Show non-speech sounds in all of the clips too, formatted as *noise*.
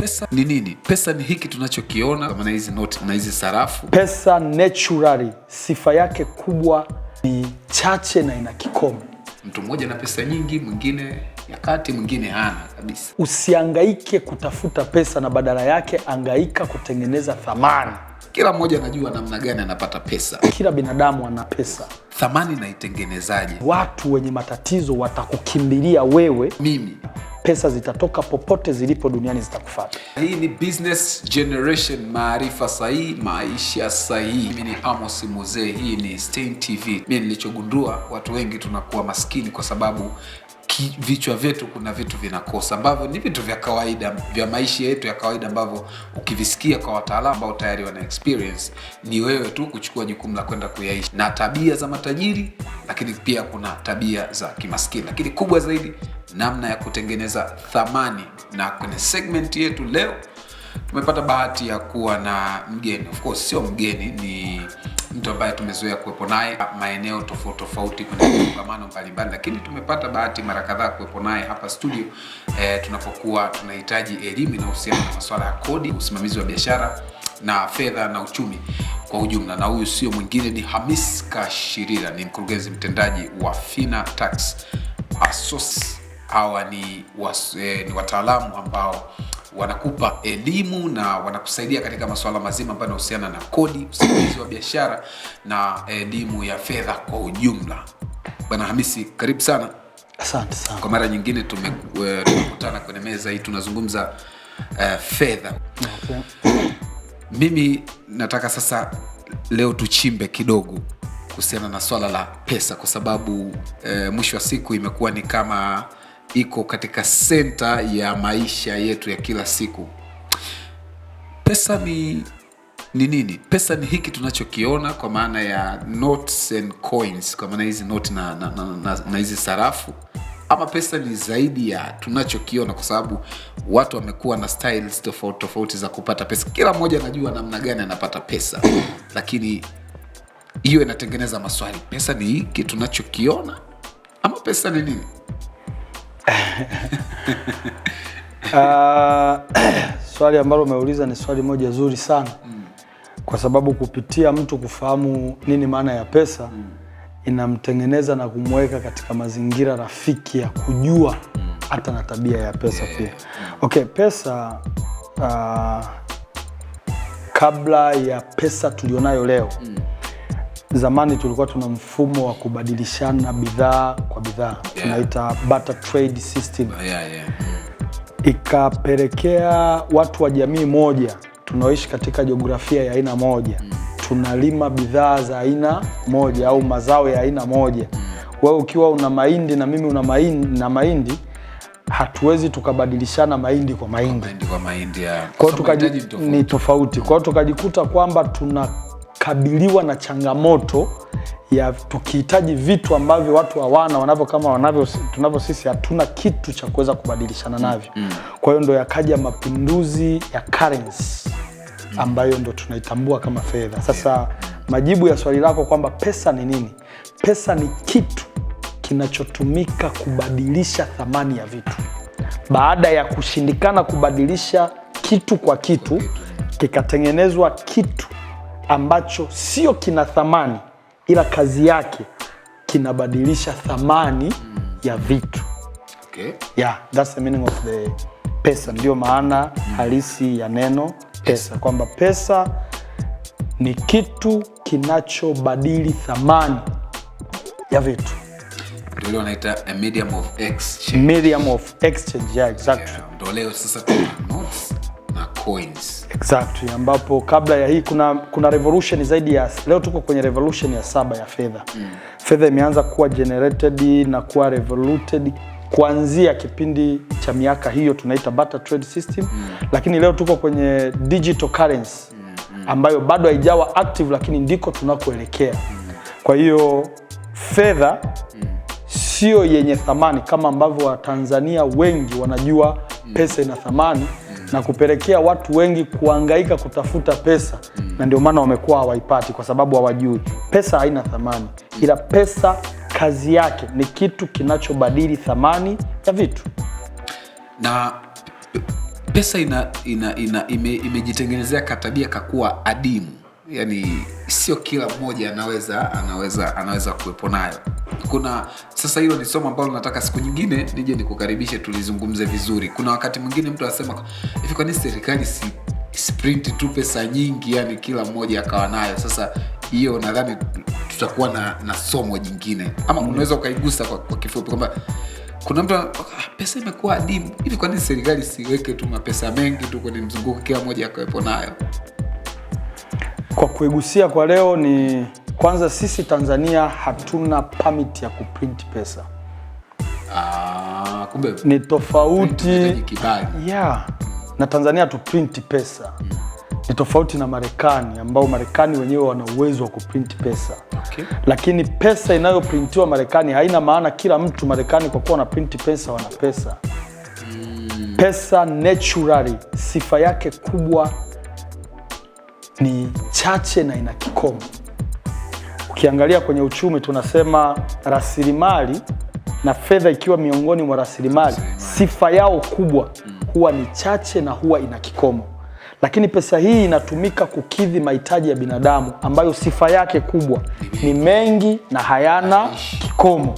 Pesa ni nini? Pesa ni hiki tunachokiona kama na hizi noti na hizi sarafu. Pesa naturally sifa yake kubwa ni chache na ina kikomo. Mtu mmoja na pesa nyingi, mwingine ya kati, mwingine hana kabisa. Usiangaike kutafuta pesa, na badala yake angaika kutengeneza thamani. Kila mmoja anajua namna gani anapata pesa. Kila binadamu ana pesa. Thamani naitengenezaje? Watu wenye matatizo watakukimbilia wewe. Mimi pesa zitatoka popote zilipo duniani zitakufata. Hii ni business generation, maarifa sahihi, maisha sahihi. Mimi ni Amos Muzee, hii ni Stein TV. Mimi nilichogundua, watu wengi tunakuwa maskini kwa sababu ki, vichwa vyetu kuna vitu vinakosa ambavyo ni vitu vya kawaida vya maisha yetu ya kawaida ambavyo ukivisikia kwa wataalamu ambao tayari wana experience, ni wewe tu kuchukua jukumu la kwenda kuyaishi, na tabia za matajiri, lakini pia kuna tabia za kimaskini, lakini kubwa zaidi namna ya kutengeneza thamani. Na kwenye segment yetu leo tumepata bahati ya kuwa na mgeni, of course sio mgeni, ni mtu ambaye tumezoea kuwepo naye maeneo tofauti tofauti kwenye *coughs* kongamano mbalimbali, lakini tumepata bahati mara kadhaa kuwepo naye hapa studio e, tunapokuwa tunahitaji elimu inahusiana na masuala ya kodi, usimamizi wa biashara na fedha na uchumi kwa ujumla, na huyu sio mwingine ni Hamis Kashirira, ni mkurugenzi mtendaji wa Fina Tax Associates. Hawa ni, was, eh, ni wataalamu ambao wanakupa elimu na wanakusaidia katika masuala mazima ambayo yanahusiana na kodi, usimamizi wa biashara na eh, elimu ya fedha kwa ujumla. Bwana Hamisi, karibu sana. Asante sana. Kwa mara nyingine eh, tumekutana kwenye meza hii tunazungumza uh, fedha. Okay. Mimi nataka sasa leo tuchimbe kidogo kuhusiana na swala la pesa kwa sababu uh, mwisho wa siku imekuwa ni kama iko katika senta ya maisha yetu ya kila siku. Pesa ni ni nini? Pesa ni hiki tunachokiona kwa maana ya notes and coins, kwa maana hizi noti na na, na, na, na, hizi sarafu ama pesa ni zaidi ya tunachokiona, kwa sababu watu wamekuwa na styles tofauti tofauti za kupata pesa. Kila mmoja anajua namna gani anapata pesa *coughs* lakini hiyo inatengeneza maswali: pesa ni hiki tunachokiona ama pesa ni nini? Uh, *clears throat* swali ambalo umeuliza ni swali moja zuri sana Kwa sababu kupitia mtu kufahamu nini maana ya pesa inamtengeneza na kumweka katika mazingira rafiki ya kujua hata na tabia ya pesa yeah. Pia okay, pesa uh, kabla ya pesa tulionayo leo mm. Zamani tulikuwa tuna mfumo wa kubadilishana bidhaa kwa bidhaa yeah. Tunaita barter trade system oh, yeah, yeah. Ikapelekea watu wa jamii moja tunaoishi katika jiografia ya aina moja mm. Tunalima bidhaa za aina moja au mazao ya aina moja mm. Wewe ukiwa una mahindi na mimi una mahindi na mahindi hatuwezi tukabadilishana mahindi kwa mahindi, mahindi, kwa mahindi ya... kwa hiyo tukaji... ni tofauti. Kwa hiyo tukajikuta kwamba tuna kabiliwa na changamoto ya tukihitaji vitu ambavyo watu hawana wanavyo kama wanavyo tunavyo sisi, hatuna kitu cha kuweza kubadilishana mm, navyo mm. Kwa hiyo ndo yakaja mapinduzi ya currency mm. ambayo ndo tunaitambua kama fedha. Sasa majibu ya swali lako kwamba pesa ni nini? Pesa ni kitu kinachotumika kubadilisha thamani ya vitu baada ya kushindikana kubadilisha kitu kwa kitu, kikatengenezwa kitu ambacho sio kina thamani, ila kazi yake kinabadilisha thamani mm. ya vitu okay. yeah, that's the meaning of the pesa, ndiyo maana mm. halisi ya neno pesa, kwamba pesa ni kitu kinachobadili thamani ya vitu. wanaita a medium of exchange. Medium of exchange, yeah, exactly. Ndio leo sasa tuna notes na coins. Exactly, ambapo kabla ya hii kuna kuna revolution zaidi ya leo, tuko kwenye revolution ya saba ya fedha mm. Fedha imeanza kuwa generated na kuwa revoluted kuanzia kipindi cha miaka hiyo tunaita barter trade system mm. Lakini leo tuko kwenye digital currency mm. mm. ambayo bado haijawa active, lakini ndiko tunakoelekea mm. Kwa hiyo fedha mm sio yenye thamani kama ambavyo Watanzania wengi wanajua mm. pesa ina thamani mm. na kupelekea watu wengi kuangaika kutafuta pesa mm. Na ndio maana wamekuwa hawaipati kwa sababu hawajui pesa haina thamani, mm. ila pesa kazi yake ni kitu kinachobadili thamani ya vitu, na pesa ina, ina, ina, ime, imejitengenezea katabia kakuwa adimu yani sio kila mmoja anaweza anaweza anaweza kuwepo nayo. Kuna sasa, hilo ni somo ambalo nataka siku nyingine nije nikukaribishe tulizungumze vizuri. Kuna wakati mwingine mtu anasema hivi, kwa nini serikali si sprint tu pesa nyingi, yani kila mmoja akawa nayo? Sasa hiyo nadhani tutakuwa na, na somo jingine ama mm. unaweza ukaigusa kwa, kwa kifupi kwamba kuna mtu pesa imekuwa adimu hivi, kwa serikali siweke tu mapesa mengi tu kwenye mzunguko, kila mmoja akawepo nayo? Kwa kuigusia kwa leo ni kwanza, sisi Tanzania hatuna permit ya kuprint pesa. Ah, kumbe ni tofauti yeah. Na Tanzania hatuprint pesa hmm. Ni tofauti na Marekani ambao Marekani wenyewe wana uwezo wa kuprint pesa okay. Lakini pesa inayoprintiwa Marekani haina maana kila mtu Marekani kwa kuwa wanaprint pesa wana pesa hmm. Pesa naturally sifa yake kubwa ni chache na ina kikomo. Ukiangalia kwenye uchumi tunasema rasilimali na fedha ikiwa miongoni mwa rasilimali, sifa yao kubwa huwa ni chache na huwa ina kikomo, lakini pesa hii inatumika kukidhi mahitaji ya binadamu ambayo sifa yake kubwa ni mengi na hayana kikomo.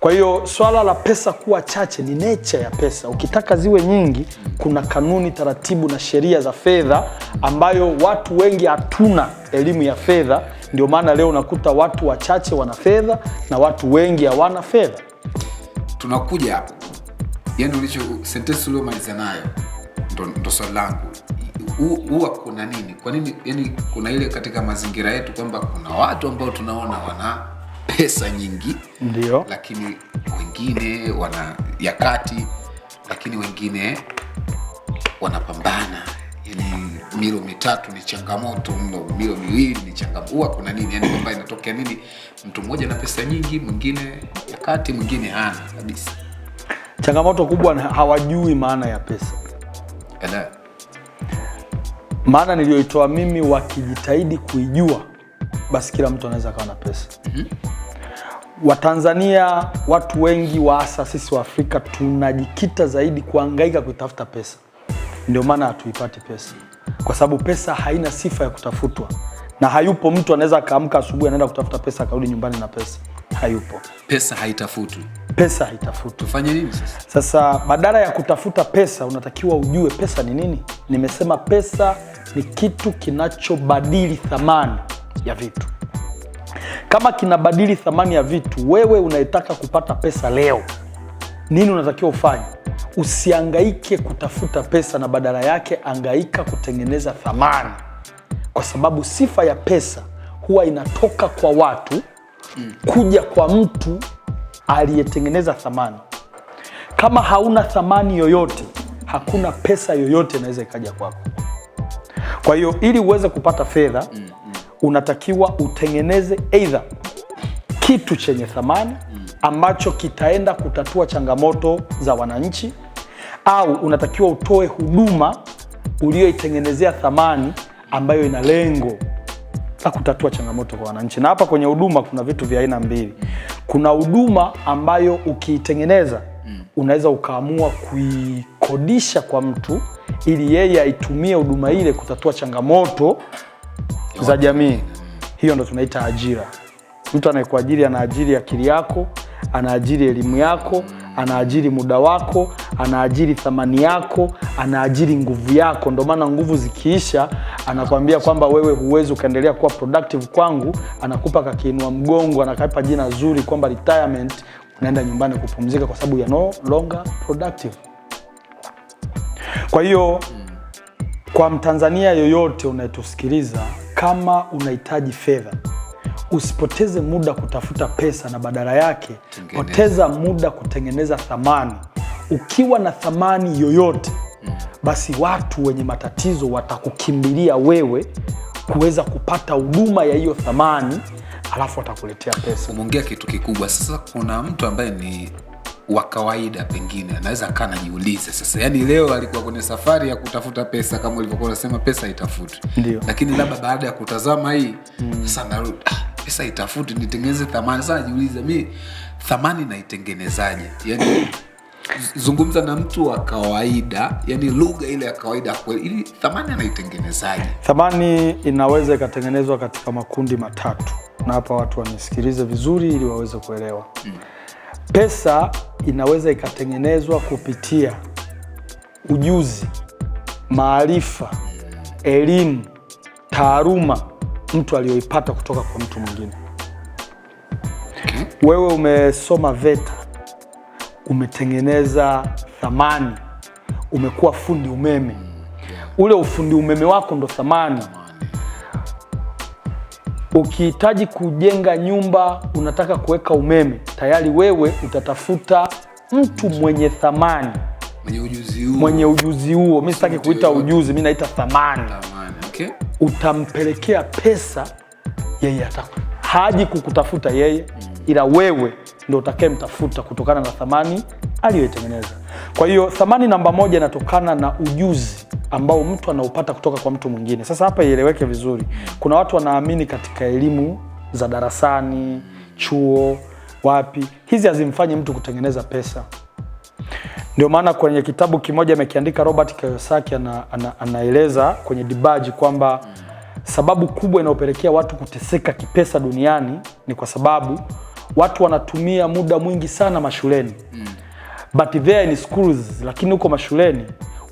Kwa hiyo swala la pesa kuwa chache ni nature ya pesa. Ukitaka ziwe nyingi, kuna kanuni, taratibu na sheria za fedha ambayo watu wengi hatuna elimu ya fedha. Ndio maana leo unakuta watu wachache wana fedha na watu wengi hawana fedha. Tunakuja hapo, yani ulicho sentensi uliomaliza nayo ndo swali langu huwa kuna nini? Kwa nini yani, kuna ile katika mazingira yetu kwamba kuna watu ambao tunaona wana pesa nyingi ndio, lakini wengine wana ya kati, lakini wengine wanapambana yani milo mitatu ni changamoto mno, milo miwili ni changamoto. Kuna nini yani, kwamba inatokea nini? Mtu mmoja na pesa nyingi, mwingine ya kati, mwingine hana kabisa. Changamoto kubwa hawajui maana ya pesa. Ele. Maana niliyoitoa mimi wakijitahidi kuijua basi kila mtu anaweza akawa na pesa mm -hmm. Watanzania watu wengi wa hasa sisi wa Afrika tunajikita zaidi kuhangaika kuitafuta pesa, ndio maana hatuipati pesa, kwa sababu pesa haina sifa ya kutafutwa, na hayupo mtu anaweza akaamka asubuhi anaenda kutafuta pesa akarudi nyumbani na pesa. Hayupo, pesa haitafutwi, pesa haitafutwi. Tufanye nini sasa? Sasa badala ya kutafuta pesa, unatakiwa ujue pesa ni nini. Nimesema pesa ni kitu kinachobadili thamani ya vitu. Kama kinabadili thamani ya vitu, wewe unayetaka kupata pesa leo, nini unatakiwa ufanye? Usiangaike kutafuta pesa, na badala yake angaika kutengeneza thamani, kwa sababu sifa ya pesa huwa inatoka kwa watu kuja kwa mtu aliyetengeneza thamani. Kama hauna thamani yoyote, hakuna pesa yoyote inaweza ikaja kwako. Kwa hiyo ili uweze kupata fedha mm unatakiwa utengeneze eidha kitu chenye thamani ambacho kitaenda kutatua changamoto za wananchi, au unatakiwa utoe huduma uliyoitengenezea thamani ambayo ina lengo la kutatua changamoto kwa wananchi. Na hapa kwenye huduma kuna vitu vya aina mbili. Kuna huduma ambayo ukiitengeneza unaweza ukaamua kuikodisha kwa mtu ili yeye aitumie huduma ile kutatua changamoto za jamii. Hiyo ndo tunaita ajira. Mtu anayekuajiri anaajiri akili yako, anaajiri elimu yako, anaajiri muda wako, anaajiri thamani yako, anaajiri nguvu yako. Ndo maana nguvu zikiisha, anakwambia kwamba wewe huwezi ukaendelea kuwa productive kwangu, anakupa kakiinua mgongo, anakapa jina zuri kwamba retirement, unaenda nyumbani kupumzika kwa sababu ya no longer productive. Kwa hiyo kwa Mtanzania yoyote unayetusikiliza kama unahitaji fedha usipoteze muda kutafuta pesa, na badala yake Tengeneza. poteza muda kutengeneza thamani. Ukiwa na thamani yoyote mm. basi watu wenye matatizo watakukimbilia wewe kuweza kupata huduma ya hiyo thamani, alafu watakuletea pesa. Umeongea kitu kikubwa. Sasa kuna mtu ambaye ni wa kawaida pengine anaweza akaa najiuliza sasa, yani leo alikuwa kwenye safari ya kutafuta pesa kama ulivyokuwa unasema pesa haitafutwi, lakini labda baada ya kutazama hii mm. sasa narudi ah, pesa itafuti nitengeneze thamani. Sasa najiuliza mi thamani naitengenezaje? yani zungumza na mtu wa kawaida, yani lugha ile ya kawaida kweli, ili thamani anaitengenezaje? Thamani inaweza ikatengenezwa katika makundi matatu, na hapa watu wanisikilize vizuri ili waweze kuelewa mm. Pesa inaweza ikatengenezwa kupitia ujuzi, maarifa, elimu, taaluma mtu aliyoipata kutoka kwa mtu mwingine. Wewe umesoma VETA, umetengeneza thamani, umekuwa fundi umeme. Mm, Ule ufundi umeme wako ndo thamani Ukihitaji kujenga nyumba, unataka kuweka umeme, tayari wewe utatafuta mtu mwenye thamani, mwenye ujuzi huo, mwenye ujuzi huo. sitaki kuita ujuzi, mi naita thamani, thamani. Okay. Utampelekea pesa yeye, hata haji kukutafuta yeye, ila wewe ndo utakayemtafuta kutokana na thamani aliyoitengeneza. Kwa hiyo thamani namba moja inatokana na ujuzi ambao mtu anaupata kutoka kwa mtu mwingine. Sasa hapa ieleweke vizuri, kuna watu wanaamini katika elimu za darasani, chuo, wapi. Hizi hazimfanyi mtu kutengeneza pesa. Ndio maana kwenye kitabu kimoja amekiandika Robert Kiyosaki, ana, ana, anaeleza kwenye dibaji kwamba sababu kubwa inayopelekea watu kuteseka kipesa duniani ni kwa sababu watu wanatumia muda mwingi sana mashuleni, mm. but there in schools, lakini huko mashuleni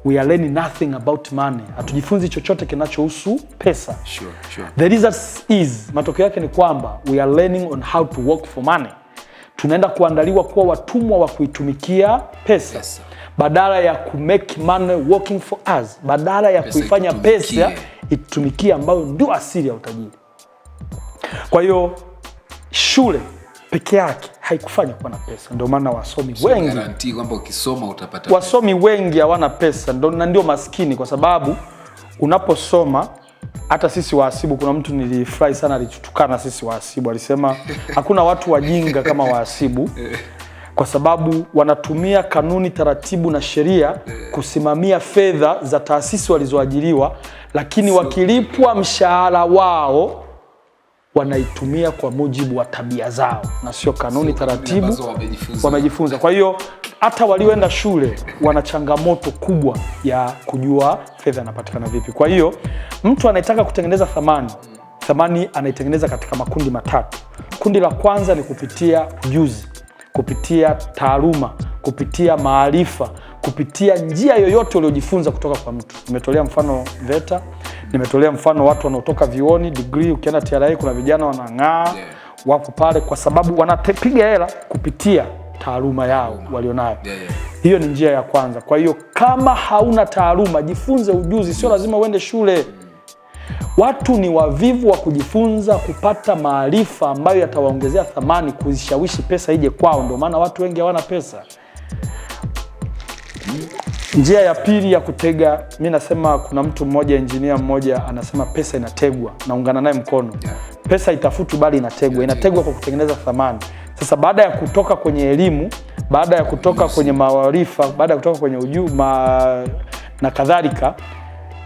we are learning nothing about money, hatujifunzi chochote kinachohusu pesa. Sure, sure. The result is, matokeo yake ni kwamba we are learning on how to work for money. Tunaenda kuandaliwa kuwa watumwa wa kuitumikia pesa, Yes, badala ya ku make money working for us, badala ya pesa kuifanya itumikie, pesa itumikie ambayo ndio asili ya utajiri. Kwa hiyo shule peke yake haikufanya kuwa na pesa. Ndio maana wasomi wengi kwamba ukisoma utapata wasomi pesa. wengi hawana pesa na ndio maskini, kwa sababu unaposoma hata sisi wahasibu, kuna mtu nilifurahi sana alitutukana sisi wahasibu, alisema *laughs* hakuna watu wajinga kama wahasibu *laughs* eh. kwa sababu wanatumia kanuni, taratibu na sheria eh. kusimamia fedha za taasisi walizoajiriwa, lakini wakilipwa mshahara wao wanaitumia kwa mujibu wa tabia zao na sio kanuni, taratibu wamejifunza. Kwa hiyo hata walioenda shule wana changamoto kubwa ya kujua fedha inapatikana vipi. Kwa hiyo mtu anayetaka kutengeneza thamani, thamani anaitengeneza katika makundi matatu. Kundi la kwanza ni kupitia ujuzi, kupitia taaluma, kupitia maarifa, kupitia njia yoyote uliojifunza kutoka kwa mtu. Nimetolea mfano VETA nimetolea mfano watu wanaotoka vioni degree, ukienda TRA kuna vijana wanang'aa yeah. Wapo pale kwa sababu wanapiga hela kupitia taaluma yao walionayo yeah, yeah. Hiyo ni njia ya kwanza. Kwa hiyo kama hauna taaluma, jifunze ujuzi, sio lazima uende shule. Watu ni wavivu wa kujifunza kupata maarifa ambayo yatawaongezea thamani, kuzishawishi pesa ije kwao. Ndio maana watu wengi hawana pesa. Njia ya pili ya kutega, mi nasema kuna mtu mmoja injinia mmoja anasema pesa inategwa, naungana naye mkono yeah. Pesa itafutu bali inategwa, inategwa kwa kutengeneza thamani. Sasa baada ya kutoka kwenye elimu, baada ya kutoka kwenye maarifa, baada ya kutoka kwenye ma... na kadhalika,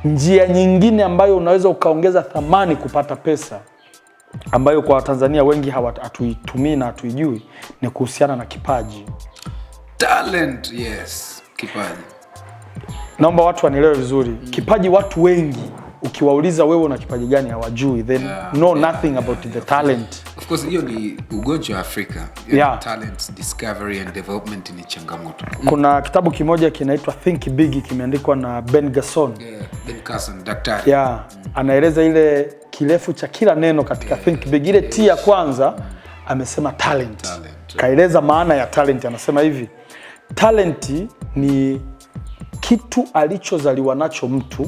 njia nyingine ambayo unaweza ukaongeza thamani kupata pesa ambayo kwa Watanzania wengi hatuitumii na hatuijui ni kuhusiana na kipaji. Talent, yes, kipaji naomba watu wanielewe vizuri mm. Kipaji watu wengi ukiwauliza wewe una kipaji gani hawajui, then yeah, know yeah, nothing yeah, about yeah, the talent. Of course hiyo ni ugonjwa wa Afrika yeah. Talent discovery and development ni changamoto. Mm. Kuna kitabu kimoja kinaitwa Think Big kimeandikwa na Ben Carson yeah, Ben Carson daktari yeah. Mm. Anaeleza ile kirefu cha kila neno katika yeah, Think Big ile yeah, T ya kwanza mm. Amesema talent, talent. Kaeleza maana ya talent, anasema hivi talent ni kitu alichozaliwa nacho mtu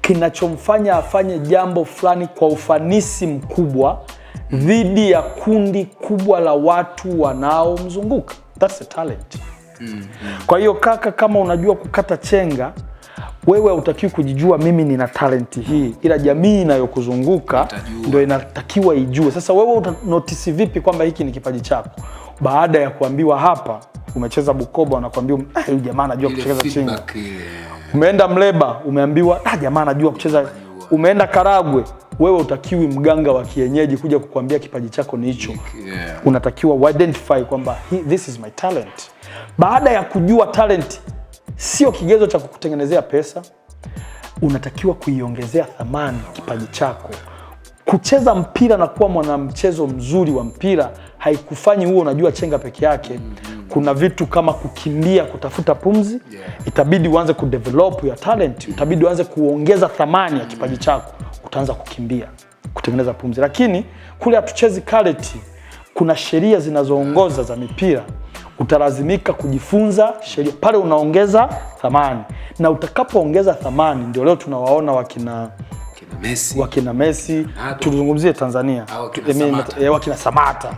kinachomfanya afanye jambo fulani kwa ufanisi mkubwa dhidi ya kundi kubwa la watu wanaomzunguka. That's a talent. Mm -hmm. Kwa hiyo kaka, kama unajua kukata chenga, wewe hautakiwi kujijua mimi nina talenti hii, ila jamii inayokuzunguka ndo inatakiwa ijue. Sasa wewe utanotisi vipi kwamba hiki ni kipaji chako? baada ya kuambiwa hapa umecheza Bukoba, unakwambia eh, huyu jamaa anajua kucheza chini. Umeenda Mleba, umeambiwa ah, jamaa anajua kucheza. Umeenda Karagwe, wewe utakiwi mganga wa kienyeji kuja kukuambia kipaji chako ni hicho, yeah. Unatakiwa identify kwamba this is my talent. Baada ya kujua talent sio kigezo cha kukutengenezea pesa, unatakiwa kuiongezea thamani kipaji chako kucheza mpira na kuwa mwanamchezo mzuri wa mpira haikufanyi huo unajua chenga peke yake mm -hmm. Kuna vitu kama kukimbia, kutafuta pumzi yeah. Itabidi uanze kudevelop your talent, itabidi uanze kuongeza thamani ya kipaji chako, utaanza kukimbia, kutengeneza pumzi. Lakini kule hatuchezi karate, kuna sheria zinazoongoza za mipira, utalazimika kujifunza sheria pale, unaongeza thamani, na utakapoongeza thamani, ndio leo tunawaona wakina wakina Messi. Wakina Messi tulizungumzie Tanzania wakina eh, wakina Samata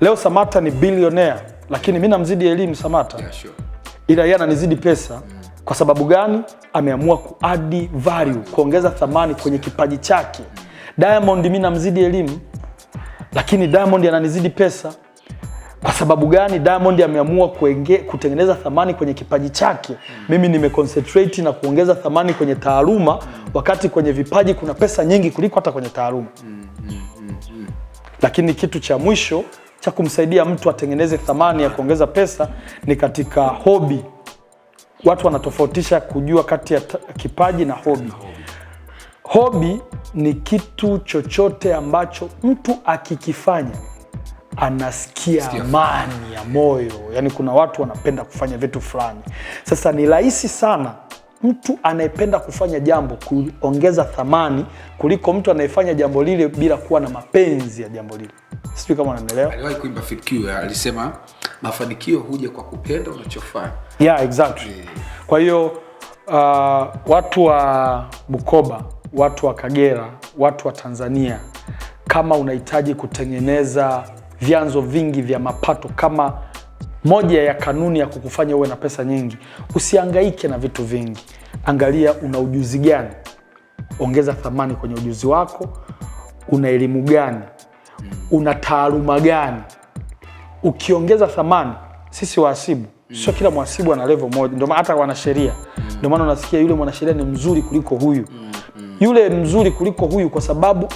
leo Samata ni bilionea, lakini mi namzidi elimu Samata yeah, sure. ila yeye ananizidi pesa Kwa sababu gani? Ameamua kuadi value, kuongeza thamani kwenye kipaji chake. Diamond mi namzidi elimu, lakini Diamond ananizidi pesa. Kwa sababu gani? Diamond ameamua kuenge, kutengeneza thamani kwenye kipaji chake. Mimi nimeconcentrate na kuongeza thamani kwenye taaluma mm wakati kwenye vipaji kuna pesa nyingi kuliko hata kwenye taaluma mm, mm, mm, mm. Lakini kitu cha mwisho cha kumsaidia mtu atengeneze thamani ya kuongeza pesa ni katika hobi. Watu wanatofautisha kujua kati ya kipaji na hobi. Hobi ni kitu chochote ambacho mtu akikifanya anasikia amani ya moyo, yaani kuna watu wanapenda kufanya vitu fulani. Sasa ni rahisi sana mtu anayependa kufanya jambo kuongeza thamani kuliko mtu anayefanya jambo lile bila kuwa na mapenzi ya jambo lile. Sijui kama unanielewa. Aliwahi kuimba Fikiri eh, alisema mafanikio huja kwa kupenda unachofanya. Yeah, exactly. Yeah. Kwa hiyo uh, watu wa Bukoba, watu wa Kagera, watu wa Tanzania, kama unahitaji kutengeneza vyanzo vingi vya mapato kama moja ya kanuni ya kukufanya uwe na pesa nyingi, usiangaike na vitu vingi. Angalia una ujuzi gani, ongeza thamani kwenye ujuzi wako. Una elimu gani? Una taaluma gani? Ukiongeza thamani, sisi wahasibu sio kila mhasibu ana level moja, ndio hata wanasheria, ndio maana unasikia yule mwanasheria ni mzuri kuliko huyu, yule mzuri kuliko huyu, kwa sababu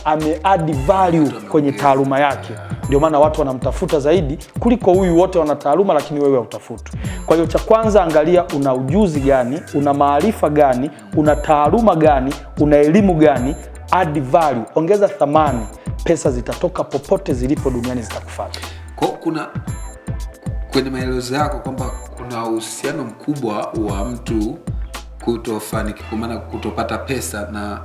add value kwenye taaluma yake. Ndio maana watu wanamtafuta zaidi kuliko huyu, wote wana taaluma, lakini wewe hautafutwi. Kwa hiyo cha kwanza, angalia una ujuzi gani, una maarifa gani, una taaluma gani, una elimu gani. Add value, ongeza thamani, pesa zitatoka popote zilipo duniani zitakufuata. Kwa kuna kwenye maelezo yako kwamba kuna uhusiano mkubwa wa mtu kutofanikiwa, kwa maana kutopata pesa na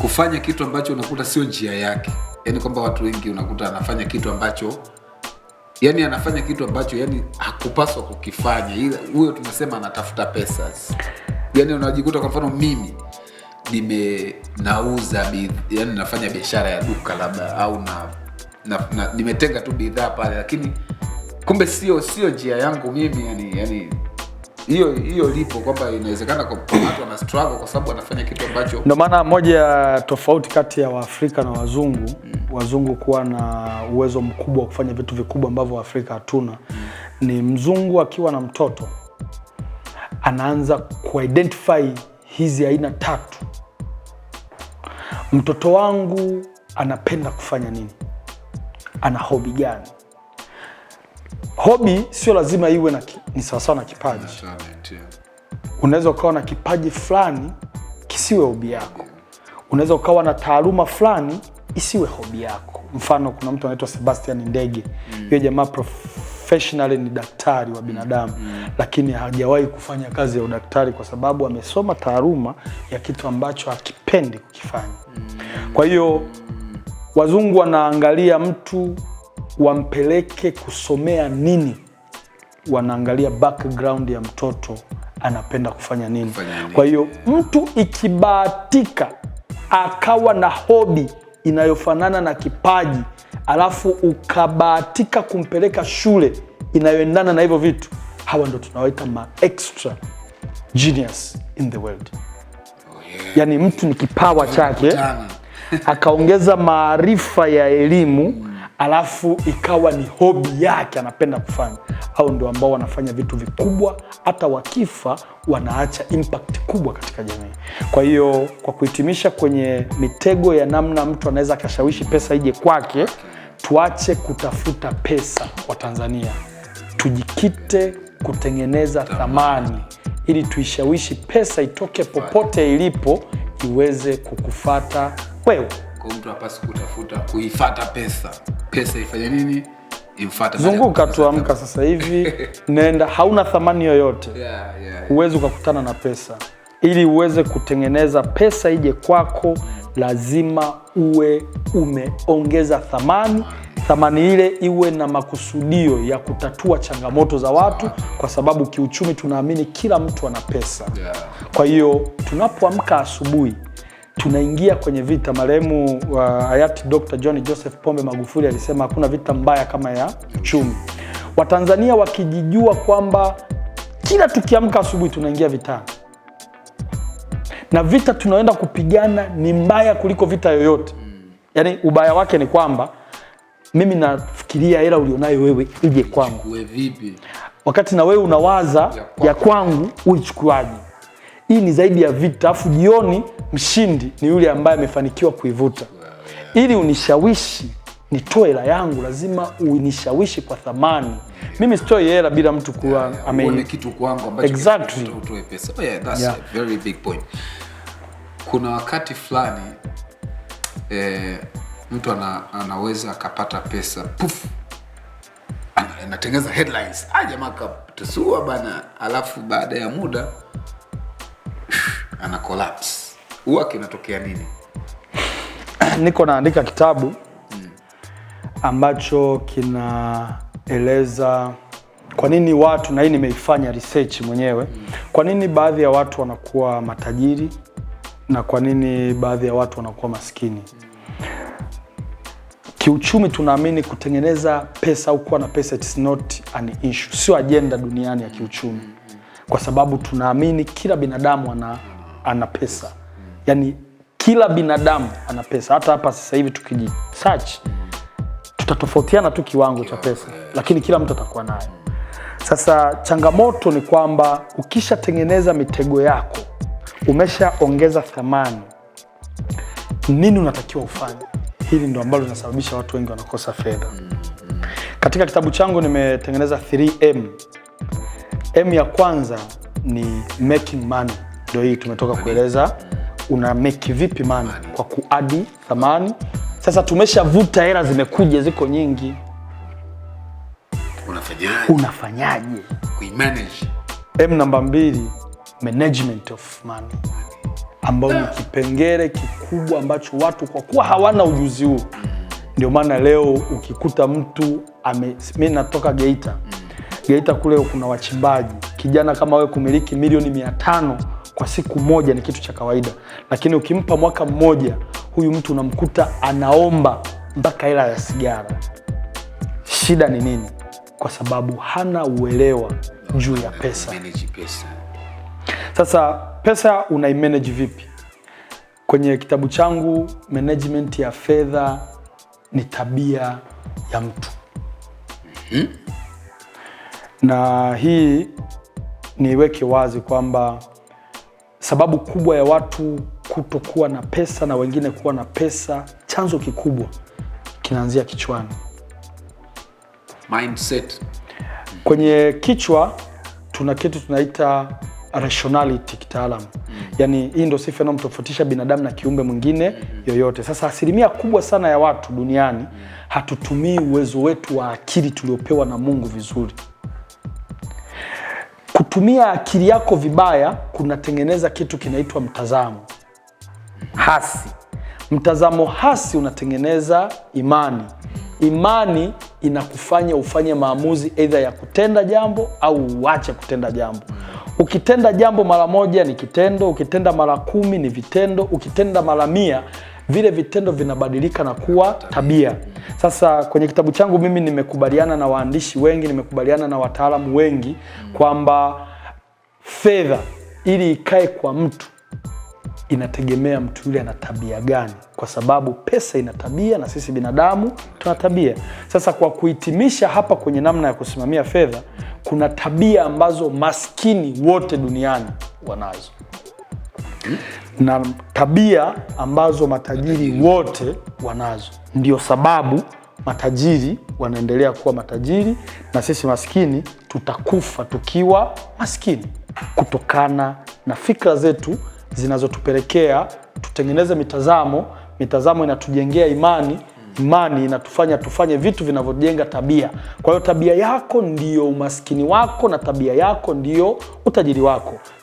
kufanya kitu ambacho unakuta sio njia yake yani kwamba watu wengi unakuta anafanya kitu ambacho yani anafanya kitu ambacho yani hakupaswa kukifanya. Huyo tumesema anatafuta pesa, yani unajikuta kwa mfano mimi nimenauza yani nafanya biashara ya duka labda au na, na, na nimetenga tu bidhaa pale, lakini kumbe sio sio njia yangu mimi yani, yani hiyo hiyo lipo kwamba inawezekana kwa watu wana struggle kwa sababu wanafanya kitu ambacho, ndio maana moja ya tofauti kati ya Waafrika na wazungu mm. wazungu kuwa na uwezo mkubwa wa kufanya vitu vikubwa ambavyo Waafrika hatuna mm. ni mzungu akiwa na mtoto anaanza kuidentify hizi aina tatu, mtoto wangu anapenda kufanya nini, ana hobi gani hobi sio lazima iwe na ki, ni sawasawa na kipaji. Unaweza ukawa na kipaji fulani kisiwe hobi yako, unaweza ukawa na taaluma fulani isiwe hobi yako. Mfano, kuna mtu anaitwa Sebastian Ndege mm. Hiyo jamaa professional ni daktari wa binadamu mm. Lakini hajawahi kufanya kazi ya udaktari kwa sababu amesoma taaluma ya kitu ambacho hakipendi kukifanya mm. Kwa hiyo mm. wazungu wanaangalia mtu wampeleke kusomea nini, wanaangalia background ya mtoto anapenda kufanya nini. Kwa hiyo mtu ikibahatika akawa na hobi inayofanana na kipaji, alafu ukabahatika kumpeleka shule inayoendana na hivyo vitu, hawa ndo tunawaita ma extra genius in the world. Yani mtu ni kipawa chake akaongeza maarifa ya elimu mm alafu ikawa ni hobi yake anapenda kufanya, au ndio ambao wanafanya vitu vikubwa, hata wakifa wanaacha impact kubwa katika jamii. Kwa hiyo kwa kuhitimisha, kwenye mitego ya namna mtu anaweza akashawishi pesa ije kwake, tuache kutafuta pesa kwa Tanzania, tujikite kutengeneza thamani ili tuishawishi pesa itoke popote ilipo iweze kukufata wewe. Kwa mtu hapasi kutafuta kuifata pesa, pesa ifanye nini? Imfata Zunguka tu, amka *laughs* sasa hivi nenda, hauna thamani yoyote huwezi yeah, yeah, ukakutana na pesa. Ili uweze kutengeneza pesa ije kwako, lazima uwe umeongeza thamani thamani ile iwe na makusudio ya kutatua changamoto za watu, kwa sababu kiuchumi tunaamini kila mtu ana pesa. Kwa hiyo tunapoamka asubuhi tunaingia kwenye vita. Marehemu wa hayati Dr. John Joseph Pombe Magufuli alisema hakuna vita mbaya kama ya uchumi. Watanzania wakijijua kwamba kila tukiamka asubuhi tunaingia vitani, na vita tunaenda kupigana ni mbaya kuliko vita yoyote. Yaani ubaya wake ni kwamba mimi nafikiria hela ulionayo wewe ije kwangu, wakati na wewe unawaza ya kwangu uichukuaje? Hii ni zaidi ya vita, afu jioni mshindi ni yule ambaye amefanikiwa kuivuta. Ili unishawishi nitoe hela yangu, lazima unishawishi kwa thamani. Mimi sitoi hela bila mtu kuwa yeah, yeah. ame kitu kwangu ambacho exactly utoe pesa. Oh yeah, that's yeah. a very big point. Kuna wakati fulani eh, mtu ana, anaweza akapata pesa puf, anatengeneza headlines, ah jamaa katusua bana, alafu baada ya muda ana collapse. Huwa kinatokea nini? *clears throat* Niko naandika kitabu mm. ambacho kinaeleza kwa nini watu, na hii nimeifanya research mwenyewe mm. kwa nini baadhi ya watu wanakuwa matajiri na kwa nini baadhi ya watu wanakuwa maskini kiuchumi. Tunaamini kutengeneza pesa au kuwa na pesa, it's not an issue, sio ajenda duniani ya kiuchumi, kwa sababu tunaamini kila binadamu ana ana pesa mm. Yani kila binadamu ana pesa. Hata hapa sasa hivi tukiji search tutatofautiana tu kiwango cha pesa, lakini kila mtu atakuwa nayo. Sasa changamoto ni kwamba ukishatengeneza mitego yako, umeshaongeza thamani, nini unatakiwa ufanye? Hili ndo ambalo linasababisha watu wengi wanakosa fedha. Katika kitabu changu nimetengeneza 3M. M ya kwanza ni making money. Ndio hii tumetoka kueleza una make vipi maana kwa kuadi thamani. Sasa tumeshavuta hela, zimekuja ziko nyingi, unafanyaje? Unafanyaje kuimanage? M namba mbili, management of money, ambao ni kipengele kikubwa ambacho watu kwa kuwa hawana ujuzi huu, ndio maana leo ukikuta mtu ame, mimi natoka Geita, Geita kule kuna wachimbaji, kijana kama wewe kumiliki milioni mia tano kwa siku moja ni kitu cha kawaida, lakini ukimpa mwaka mmoja, huyu mtu unamkuta anaomba mpaka hela ya sigara. Shida ni nini? Kwa sababu hana uelewa juu ya pesa. Sasa pesa unaimanage vipi? Kwenye kitabu changu management ya fedha ni tabia ya mtu mm-hmm. Na hii niweke wazi kwamba sababu kubwa ya watu kutokuwa na pesa na wengine kuwa na pesa, chanzo kikubwa kinaanzia kichwani, mindset. Kwenye kichwa tuna kitu tunaita rationality kitaalam, mm-hmm. yani hii ndio sifa inayomtofautisha binadamu na kiumbe mwingine mm-hmm. yoyote. Sasa asilimia kubwa sana ya watu duniani mm-hmm. hatutumii uwezo wetu wa akili tuliopewa na Mungu vizuri kutumia akili yako vibaya kunatengeneza kitu kinaitwa mtazamo hasi. Mtazamo hasi unatengeneza imani. Imani inakufanya ufanye maamuzi aidha ya kutenda jambo au uache kutenda jambo. Ukitenda jambo mara moja ni kitendo, ukitenda mara kumi ni vitendo, ukitenda mara mia vile vitendo vinabadilika na kuwa tabia. Sasa kwenye kitabu changu mimi nimekubaliana na waandishi wengi, nimekubaliana na wataalamu wengi kwamba fedha ili ikae kwa mtu inategemea mtu yule ana tabia gani, kwa sababu pesa ina tabia na sisi binadamu tuna tabia. Sasa kwa kuhitimisha hapa kwenye namna ya kusimamia fedha, kuna tabia ambazo maskini wote duniani wanazo na tabia ambazo matajiri wote wanazo. Ndio sababu matajiri wanaendelea kuwa matajiri na sisi maskini tutakufa tukiwa maskini, kutokana na fikra zetu zinazotupelekea tutengeneze mitazamo. Mitazamo inatujengea imani, imani inatufanya tufanye vitu vinavyojenga tabia. Kwa hiyo tabia yako ndiyo umaskini wako na tabia yako ndiyo utajiri wako.